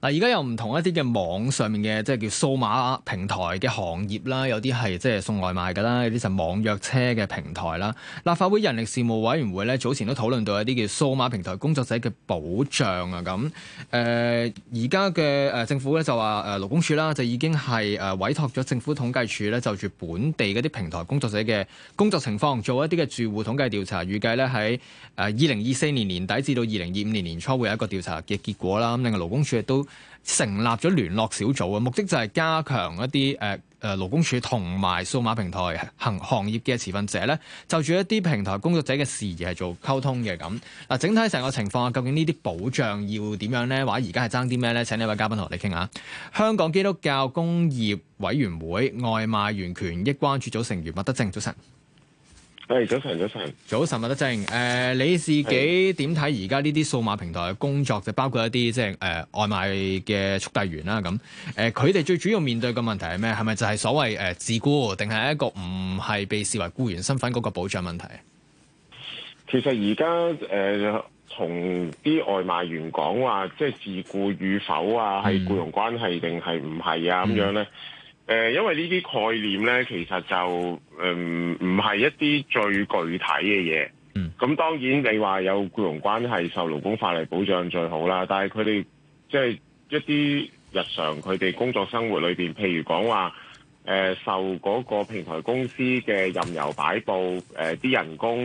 嗱，而家有唔同一啲嘅網上面嘅即係叫數碼平台嘅行業啦，有啲係即係送外賣㗎啦，有啲就網約車嘅平台啦。立法會人力事務委員會咧，早前都討論到一啲叫數碼平台工作者嘅保障啊。咁誒，而家嘅誒政府咧就話誒勞工處啦，就已經係誒委託咗政府統計處咧就住本地嗰啲平台工作者嘅工作情況，做一啲嘅住戶統計調查，預計咧喺誒二零二四年年底至到二零二五年年初會有一個調查嘅結果啦。咁另外勞工處亦都成立咗聯絡小組啊，目的就係加強一啲誒誒勞工處同埋數碼平台行行業嘅持份者咧，就住一啲平台工作者嘅事宜係做溝通嘅咁。嗱，整體成個情況啊，究竟呢啲保障要點樣呢？或者而家係爭啲咩呢？請呢位嘉賓同我哋傾下。香港基督教工業委員會外賣員權益關注組成員麥德正，早晨。係早晨，早晨，早晨，麥德正。誒，你自己點睇而家呢啲數碼平台工作？就包括一啲即係誒外賣嘅速遞員啦。咁、啊、誒，佢、呃、哋最主要面對嘅問題係咩？係咪就係所謂誒、呃、自雇，定係一個唔係被視為雇員身份嗰個保障問題？其實而家誒，同、呃、啲外賣員講話，即係自雇與否係是是啊，係雇傭關係定係唔係啊？咁樣咧。誒、呃，因為呢啲概念咧，其實就誒唔係一啲最具體嘅嘢。咁、嗯、當然你話有僱傭關係，受勞工法例保障最好啦，但係佢哋即係一啲日常佢哋工作生活裏面，譬如講話誒受嗰個平台公司嘅任由擺佈，誒、呃、啲人工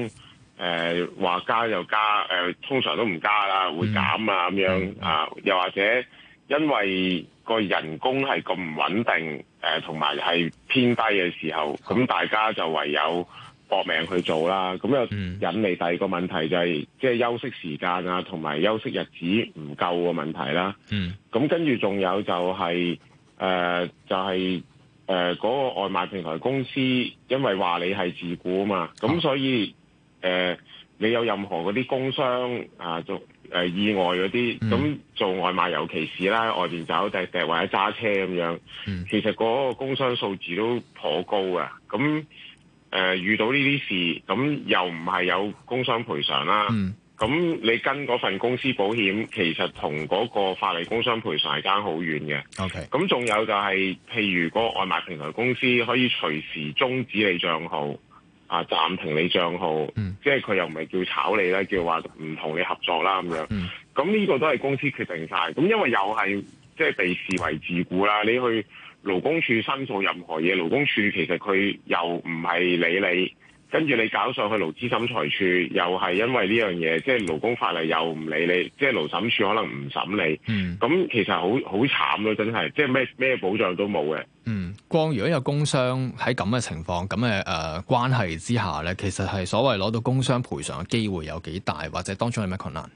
誒話、呃、加又加，誒、呃、通常都唔加啦，會減啊咁，嗯、樣啊，又、呃、或者因為個人工係咁唔穩定。誒同埋係偏低嘅時候，咁大家就唯有搏命去做啦。咁又引嚟第二個問題就係、是，即、就、係、是、休息時間啊，同埋休息日子唔夠嘅問題啦。嗯，咁跟住仲有就係、是、誒、呃，就係誒嗰個外賣平台公司，因為話你係自僱啊嘛，咁所以誒。呃你有任何嗰啲工傷啊，做、呃、意外嗰啲，咁、嗯、做外賣尤其是啦，外面走滴滴或者揸車咁樣、嗯，其實嗰個工傷數字都頗高嘅。咁、呃、遇到呢啲事，咁又唔係有工傷賠償啦。咁、嗯、你跟嗰份公司保險，其實同嗰個法例工傷賠償係爭好遠嘅。OK。咁仲有就係、是、譬如嗰個外賣平台公司可以隨時終止你帳號。暫停你賬號，嗯、即係佢又唔係叫炒你啦，叫話唔同你合作啦咁樣咁呢、嗯、個都係公司決定晒，咁因為又係即係被視為自僱啦，你去勞工處申訴任何嘢，勞工處其實佢又唔係理你。跟住你搞上去勞資審裁處，又係因為呢樣嘢，即係勞工法例又唔理你，即係勞審處可能唔審你。咁、嗯、其實好好慘咯，真係，即係咩咩保障都冇嘅。嗯，光如果有工傷喺咁嘅情況，咁嘅誒關係之下呢，其實係所謂攞到工傷賠償嘅機會有幾大，或者當中有咩困難？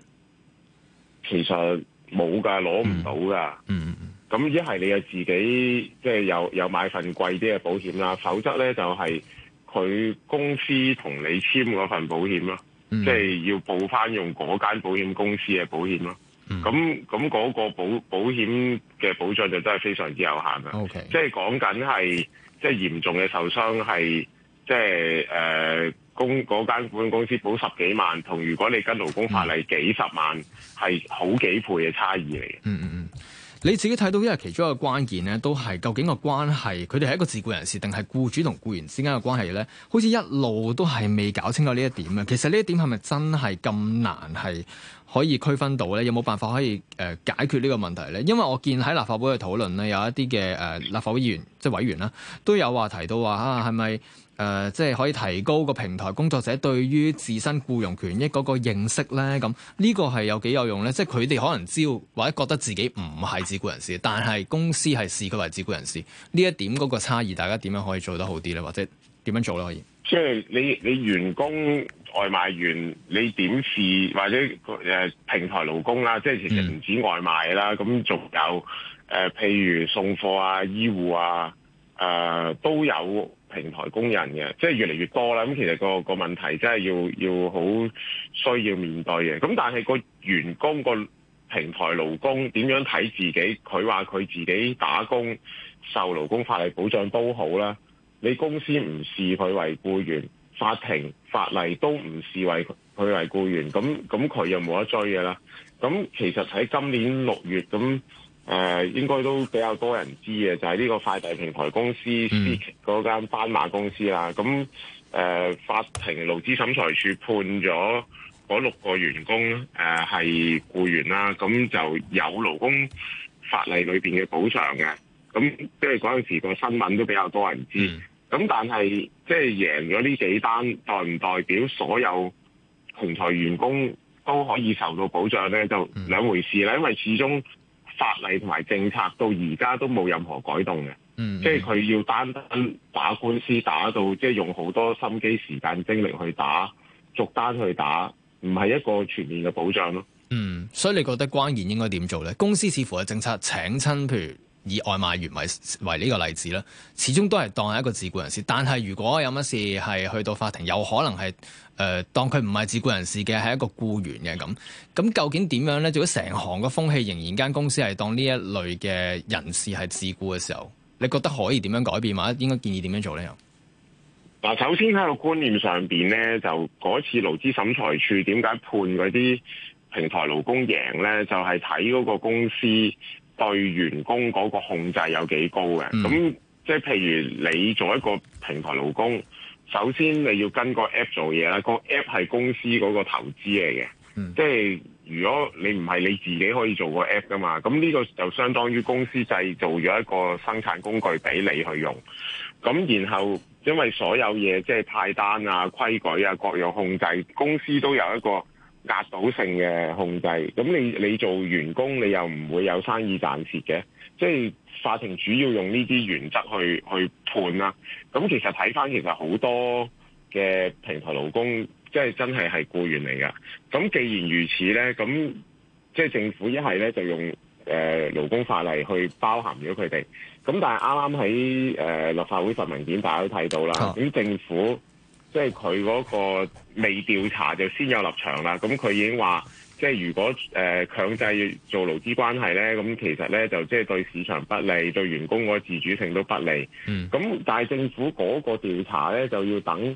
其實冇噶，攞唔到噶。嗯，咁一係你又自己即係有有買份貴啲嘅保險啦，否則呢就係、是。佢公司同你簽嗰份保險咯、嗯，即係要報翻用嗰間保險公司嘅保險咯。咁咁嗰個保保險嘅保障就都係非常之有限啦、okay。即係講緊係即係嚴重嘅受傷，係即係誒、呃、公嗰間保險公司補十幾萬，同如果你跟勞工法例幾十萬，係、嗯、好幾倍嘅差異嚟嘅。嗯嗯嗯。你自己睇到，因為其中一個關鍵咧，都係究竟個關係，佢哋係一個自雇人士，定係僱主同僱員之間嘅關係咧？好似一路都係未搞清楚呢一點啊！其實呢一點係咪真係咁難係？可以區分到咧，有冇辦法可以、呃、解決呢個問題咧？因為我見喺立法會嘅討論咧，有一啲嘅、呃、立法會議員，即係委員啦，都有話提到話，啊，係咪、呃、即係可以提高個平台工作者對於自身僱傭權益嗰個認識咧？咁呢個係有幾有用咧？即係佢哋可能知道或者覺得自己唔係自雇人士，但係公司係視佢為自雇人士，呢一點嗰個差異，大家點樣可以做得好啲咧？或者？點樣做咯？而即係你你員工外賣員，你點試或者、呃、平台勞工啦？即係其實唔止外賣啦，咁仲有、呃、譬如送貨啊、醫護啊，呃、都有平台工人嘅，即係越嚟越多啦。咁其實個個問題真係要要好需要面對嘅。咁但係個員工個平台勞工點樣睇自己，佢話佢自己打工受勞工法例保障都好啦。你公司唔視佢為雇員，法庭法例都唔視為佢為雇員，咁咁佢又冇得追嘅啦。咁其實喺今年六月，咁誒、呃、應該都比較多人知嘅，就係、是、呢個快遞平台公司嗰間斑馬公司啦。咁誒、呃，法庭勞資審裁處判咗嗰六個員工誒係雇員啦，咁就有勞工法例裏邊嘅補償嘅。咁即係嗰陣時個新聞都比較多人知道。咁、嗯、但係即係贏咗呢幾單，代唔代表所有平台員工都可以受到保障咧？就兩回事啦、嗯。因為始終法例同埋政策到而家都冇任何改動嘅，即係佢要單單打官司打到，即係用好多心機、時間、精力去打逐單去打，唔係一個全面嘅保障咯。嗯，所以你覺得關鍵應該點做咧？公司似乎嘅政策請親，譬如。以外賣員為為呢個例子啦，始終都係當係一個自雇人士。但係如果有乜事係去到法庭，有可能係誒、呃、當佢唔係自雇人士嘅，係一個僱員嘅咁。咁究竟點樣呢？如果成行嘅風氣仍然間公司係當呢一類嘅人士係自雇嘅時候，你覺得可以點樣改變，或者應該建議點樣做呢？又嗱，首先喺個觀念上邊呢，就嗰次勞資審裁處點解判嗰啲平台勞工贏呢？就係睇嗰個公司對員工嗰個控制有幾高嘅咁即係譬如你做一個平台勞工，首先你要跟個 app 做嘢啦，個 app 係公司嗰個投資嚟嘅、嗯。即係如果你唔係你自己可以做個 app 㗎嘛，咁呢個就相當於公司製造咗一個生產工具俾你去用。咁然後因為所有嘢即係派單啊、規矩啊、各樣控制，公司都有一個壓倒性嘅控制，咁你你做員工，你又唔會有生意賺蝕嘅，即係法庭主要用呢啲原則去去判啦。咁其實睇翻，其實好多嘅平台勞工，即係真係係雇員嚟噶。咁既然如此呢，咁即係政府一係呢，就用誒、呃、勞工法例去包含咗佢哋。咁但係啱啱喺誒立法會文件大家都睇到啦，咁、啊、政府。即係佢嗰個未調查就先有立場啦，咁佢已經話，即係如果誒、呃、強制做勞資關係咧，咁其實咧就即係對市場不利，對員工嗰個自主性都不利。嗯。咁但係政府嗰個調查咧，就要等誒、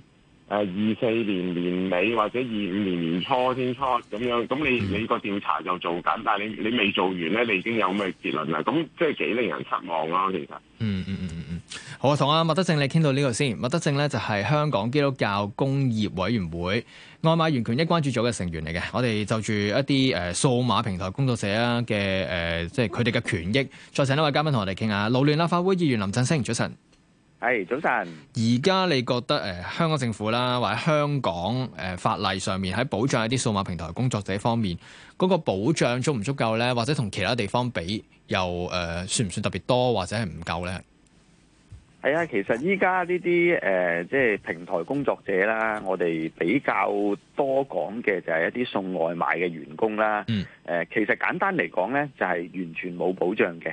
呃、二四年年尾或者二五年年初先出咁樣。咁你你個調查就做緊，但係你你未做完咧，你已經有咩結論啦？咁即係幾令人失望咯、啊，其實。嗯嗯嗯。嗯。好，同阿麥德正你傾到呢度先。麥德正咧就係香港基督教工業委員會外賣員權益關注組嘅成員嚟嘅。我哋就住一啲誒數碼平台工作者啊嘅誒，即係佢哋嘅權益。再請一位嘉賓同我哋傾下。勞聯立法會議員林振昇，星早晨。係早晨。而家你覺得誒，香港政府啦，或者香港誒法例上面喺保障一啲數碼平台工作者方面，嗰、那個保障足唔足夠咧？或者同其他地方比，又誒、呃、算唔算特別多，或者係唔夠咧？係啊，其實依家呢啲誒，即、呃、係、就是、平台工作者啦，我哋比較多講嘅就係一啲送外賣嘅員工啦。誒、呃，其實簡單嚟講咧，就係完全冇保障嘅。誒、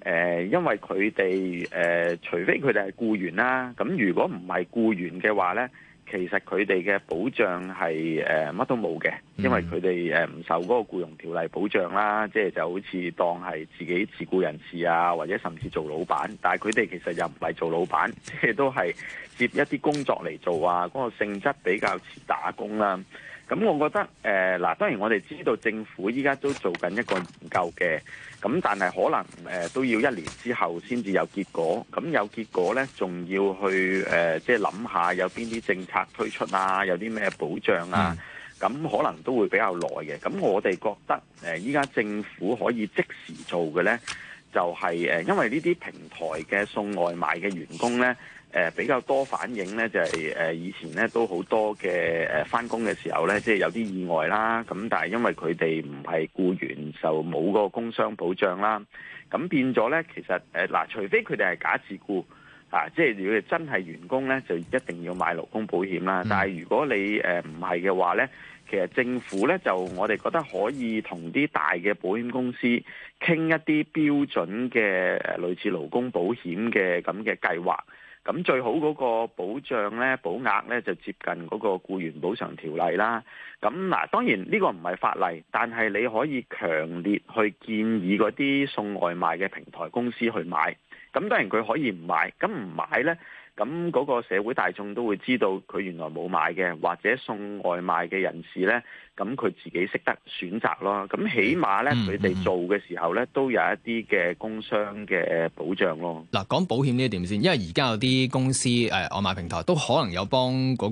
呃，因為佢哋誒，除非佢哋係僱員啦，咁如果唔係僱員嘅話咧。其實佢哋嘅保障係乜、呃、都冇嘅，因為佢哋誒唔受嗰個僱傭條例保障啦，即係就好似當係自己自僱人士啊，或者甚至做老闆，但係佢哋其實又唔係做老闆，即係都係接一啲工作嚟做啊，嗰、嗰個性質比較似打工啦。咁我覺得誒嗱、呃，當然我哋知道政府依家都在做緊一個研究嘅，咁但係可能誒都要一年之後先至有結果。咁有結果咧，仲要去誒即係諗下有邊啲政策推出啊，有啲咩保障啊，咁可能都會比較耐嘅。咁我哋覺得誒依家政府可以即時做嘅咧，就係、是、誒因為呢啲平台嘅送外賣嘅員工咧。誒、呃、比較多反映咧，就係、是、誒、呃、以前咧都好多嘅誒返工嘅時候咧，即係有啲意外啦。咁但係因為佢哋唔係僱員，就冇個個工傷保障啦。咁變咗咧，其實誒嗱、呃，除非佢哋係假自僱，啊即係如果你真係員工咧，就一定要買勞工保險啦。但係如果你誒唔係嘅話咧，其實政府咧就我哋覺得可以同啲大嘅保險公司傾一啲標準嘅誒類似勞工保險嘅咁嘅計劃。咁最好嗰個保障咧，保額咧就接近嗰個僱員補償條例啦。咁嗱，當然呢個唔係法例，但係你可以強烈去建議嗰啲送外賣嘅平台公司去買。咁當然佢可以唔買，咁唔買呢。咁、那、嗰個社會大眾都會知道佢原來冇買嘅，或者送外賣嘅人士呢，咁佢自己識得選擇咯。咁起碼呢，佢、嗯、哋、嗯、做嘅時候呢，都有一啲嘅工傷嘅保障咯。嗱，講保險呢一點先，因為而家有啲公司、呃、外賣平台都可能有幫嗰、那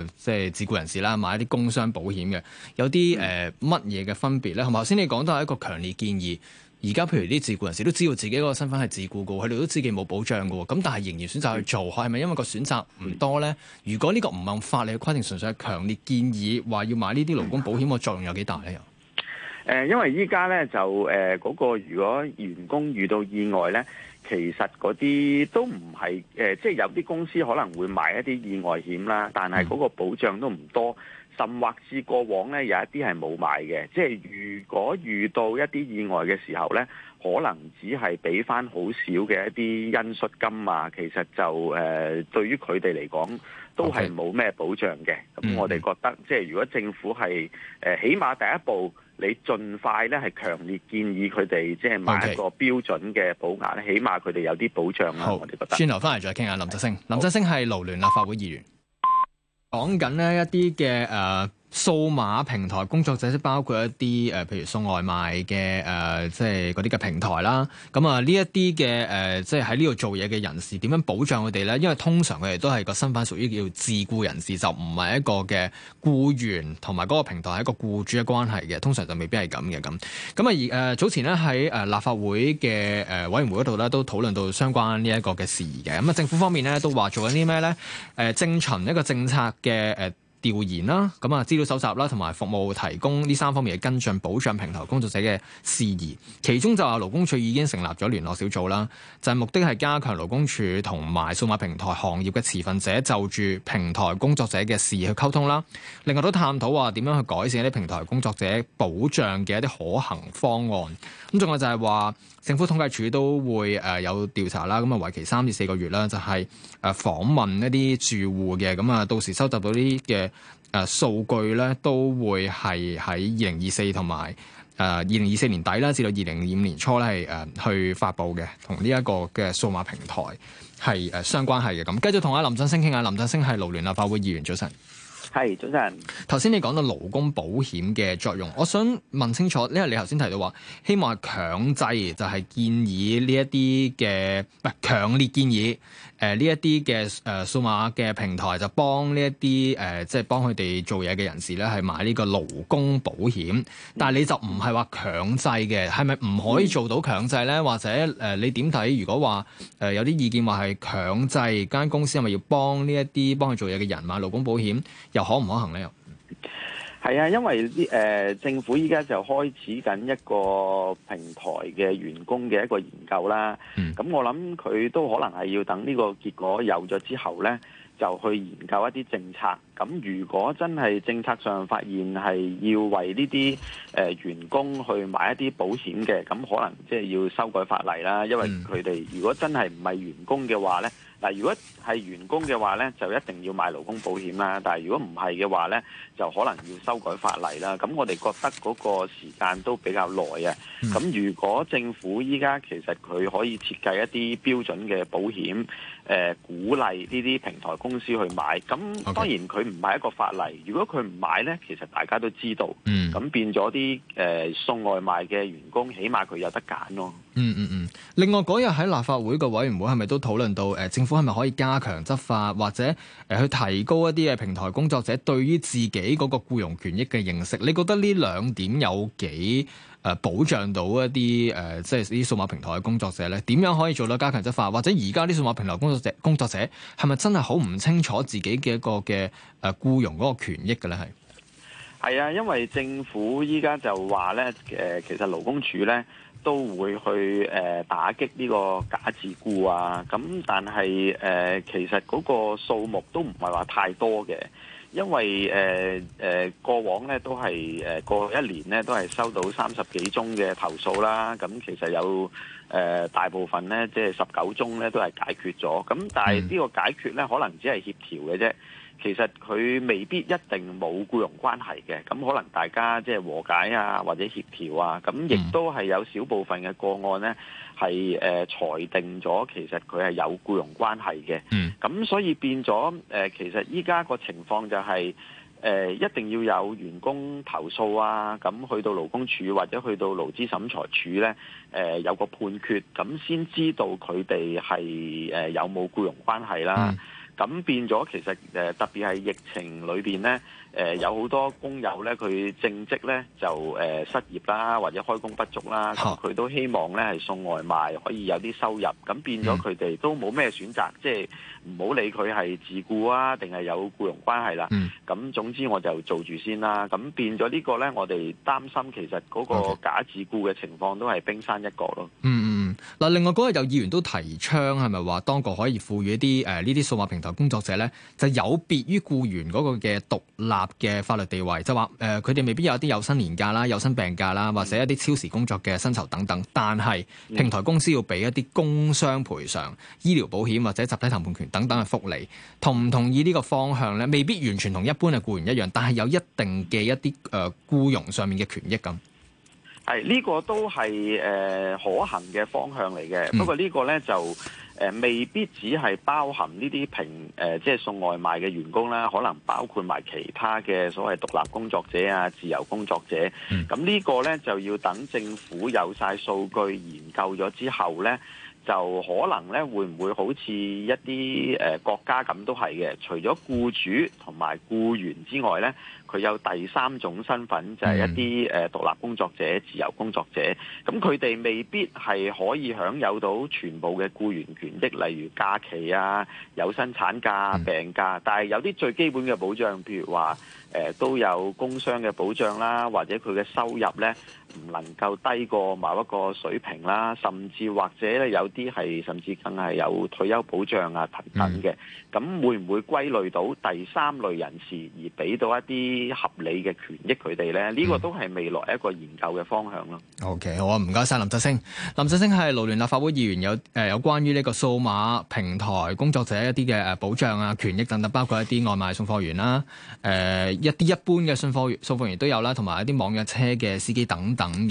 個即係自雇人士啦買一啲工傷保險嘅，有啲乜嘢嘅分別呢？同埋頭先你講都係一個強烈建議。而家譬如啲自雇人士都知道自己嗰個身份係自雇嘅，佢哋都知自己冇保障嘅，咁但係仍然選擇去做，係咪因為個選擇唔多咧？如果呢個唔按法例嘅規定，純粹係強烈建議話要買呢啲勞工保險嘅作用有幾大咧？又，誒，因為依家咧就誒嗰個，如果員工遇到意外咧，其實嗰啲都唔係誒即係有啲公司可能會買一啲意外險啦，但係嗰個保障都唔多。甚或至過往咧，有一啲係冇買嘅。即係如果遇到一啲意外嘅時候咧，可能只係俾翻好少嘅一啲恩恤金啊。其實就誒、呃、對於佢哋嚟講都係冇咩保障嘅。咁、okay. 我哋覺得，即係如果政府係誒、呃、起碼第一步，你盡快咧係強烈建議佢哋，即係買一個標準嘅保額呢，okay. 起碼佢哋有啲保障啊。好，轉頭翻嚟再傾下林振昇，林振昇係勞聯立法會議員。講緊咧一啲嘅誒。Uh 數碼平台工作者即包括一啲誒，譬、呃、如送外賣嘅誒、呃，即係嗰啲嘅平台啦。咁啊，呢一啲嘅誒，即係喺呢度做嘢嘅人士，點樣保障佢哋咧？因為通常佢哋都係個身份屬於叫自僱人士，就唔係一個嘅僱員，同埋嗰個平台係一個僱主嘅關係嘅。通常就未必係咁嘅咁。咁啊，而誒、呃、早前咧喺誒立法會嘅誒、呃、委員會嗰度咧，都討論到相關呢一個嘅事宜嘅。咁、嗯、啊，政府方面咧都話做緊啲咩咧？誒徵詢一個政策嘅誒。呃調研啦，咁啊資料搜集啦，同埋服務提供呢三方面嘅跟進保障平台工作者嘅事宜。其中就話勞工處已經成立咗聯絡小組啦，就係、是、目的係加強勞工處同埋數碼平台行業嘅持份者就住平台工作者嘅事宜去溝通啦。另外都探討話點樣去改善一啲平台工作者保障嘅一啲可行方案。咁仲有就係話。政府統計處都會誒有調查啦，咁啊，為期三至四個月啦，就係誒訪問一啲住戶嘅，咁啊，到時收集到啲嘅誒數據咧，都會係喺二零二四同埋誒二零二四年底啦，至到二零二五年初咧，係誒去發布嘅，同呢一個嘅數碼平台係誒相關係嘅。咁繼續同阿林振昇傾下，林振昇係勞聯立法會議員。早晨，早晨。係早晨，頭先你講到勞工保險嘅作用，我想問清楚，因為你頭先提到話希望係強制，就係建議呢一啲嘅，強烈建議誒呢一啲嘅誒數碼嘅平台就幫呢一啲誒即係幫佢哋做嘢嘅人士咧，係買呢個勞工保險，但係你就唔係話強制嘅，係咪唔可以做到強制咧？或者誒、呃、你點睇？如果話誒、呃、有啲意見話，係強制間公司係咪要幫呢一啲幫佢做嘢嘅人買勞工保險。可唔可行呢？係啊，因為啲誒、呃、政府依家就開始緊一個平台嘅員工嘅一個研究啦。咁、嗯、我諗佢都可能係要等呢個結果有咗之後咧，就去研究一啲政策。咁如果真係政策上發現係要為呢啲誒員工去買一啲保險嘅，咁可能即係要修改法例啦。因為佢哋如果真係唔係員工嘅話咧。嗯嗯嗱，如果係員工嘅話咧，就一定要買勞工保險啦。但係如果唔係嘅話咧，就可能要修改法例啦。咁我哋覺得嗰個時間都比較耐啊。咁、嗯、如果政府依家其實佢可以設計一啲標準嘅保險，呃、鼓勵呢啲平台公司去買。咁當然佢唔係一個法例。如果佢唔買咧，其實大家都知道。咁、嗯、變咗啲、呃、送外賣嘅員工，起碼佢有得揀咯。嗯嗯嗯。另外嗰日喺立法會嘅委員會係咪都討論到、呃、政府？都係咪可以加強執法，或者誒去提高一啲嘅平台工作者對於自己嗰個僱傭權益嘅認識？你覺得呢兩點有幾誒保障到一啲誒，即係啲數碼平台嘅工作者咧？點樣可以做到加強執法？或者而家啲數碼平台工作者工作者係咪真係好唔清楚自己嘅一個嘅誒僱傭嗰個權益嘅咧？係係啊，因為政府依家就話咧，誒其實勞工處咧。都會去、呃、打擊呢個假自僱啊，咁但係、呃、其實嗰個數目都唔係話太多嘅，因為誒誒、呃呃、過往咧都係誒、呃、過一年咧都係收到三十幾宗嘅投訴啦，咁其實有。誒、呃、大部分咧，即係十九宗咧都係解決咗，咁但係呢個解決咧可能只係協調嘅啫，其實佢未必一定冇僱傭關係嘅，咁可能大家即係和解啊或者協調啊，咁亦都係有少部分嘅個案咧係誒裁定咗、呃，其實佢係有僱傭關係嘅，咁所以變咗誒，其實依家個情況就係、是。誒一定要有員工投訴啊，咁去到勞工處或者去到勞資審裁處呢，誒有個判決，咁先知道佢哋係誒有冇僱傭關係啦。嗯咁變咗，其實、呃、特別係疫情裏邊咧、呃，有好多工友咧，佢正職咧就、呃、失業啦，或者開工不足啦，佢、啊、都希望咧係送外賣可以有啲收入。咁變咗佢哋都冇咩選擇，嗯、即係唔好理佢係自僱啊，定係有僱傭關係啦。咁、嗯、總之我就做住先啦。咁變咗呢個咧，我哋擔心其實嗰個假自僱嘅情況都係冰山一角咯。嗯。嗱，另外嗰日、那個、有議員都提倡，係咪話當局可以賦予一啲誒呢啲數碼平台工作者咧，就有別於僱員嗰個嘅獨立嘅法律地位，就話誒佢哋未必有一啲有薪年假啦、有薪病假啦，或者一啲超時工作嘅薪酬等等，但係平台公司要俾一啲工傷賠償、醫療保險或者集體談判權等等嘅福利，同唔同意呢個方向咧？未必完全同一般嘅僱員一樣，但係有一定嘅一啲誒、呃、僱傭上面嘅權益咁。係呢、這個都係誒、呃、可行嘅方向嚟嘅，不過呢個呢，就誒、呃、未必只係包含呢啲平誒，即係送外賣嘅員工啦，可能包括埋其他嘅所謂獨立工作者啊、自由工作者。咁、嗯、呢個呢，就要等政府有晒數據研究咗之後呢，就可能呢會唔會好似一啲誒、呃、國家咁都係嘅，除咗僱主同埋僱員之外呢。佢有第三種身份，就係、是、一啲誒獨立工作者、嗯、自由工作者，咁佢哋未必係可以享有到全部嘅僱員權益，例如假期啊、有生產假、病假，但係有啲最基本嘅保障，譬如話。誒都有工傷嘅保障啦，或者佢嘅收入咧唔能夠低過某一個水平啦，甚至或者咧有啲係甚至更係有退休保障啊等等嘅。咁會唔會歸類到第三類人士而俾到一啲合理嘅權益佢哋咧？呢個都係未來一個研究嘅方向咯。OK，好啊，唔該曬林振昇。林振昇係勞聯立法會議員，有誒有關於呢個數碼平台工作者一啲嘅誒保障啊權益等等，包括一啲外賣送貨員啦，誒。一啲一般嘅送貨員送貨員都有啦，同埋一啲網約車嘅司機等等嘅。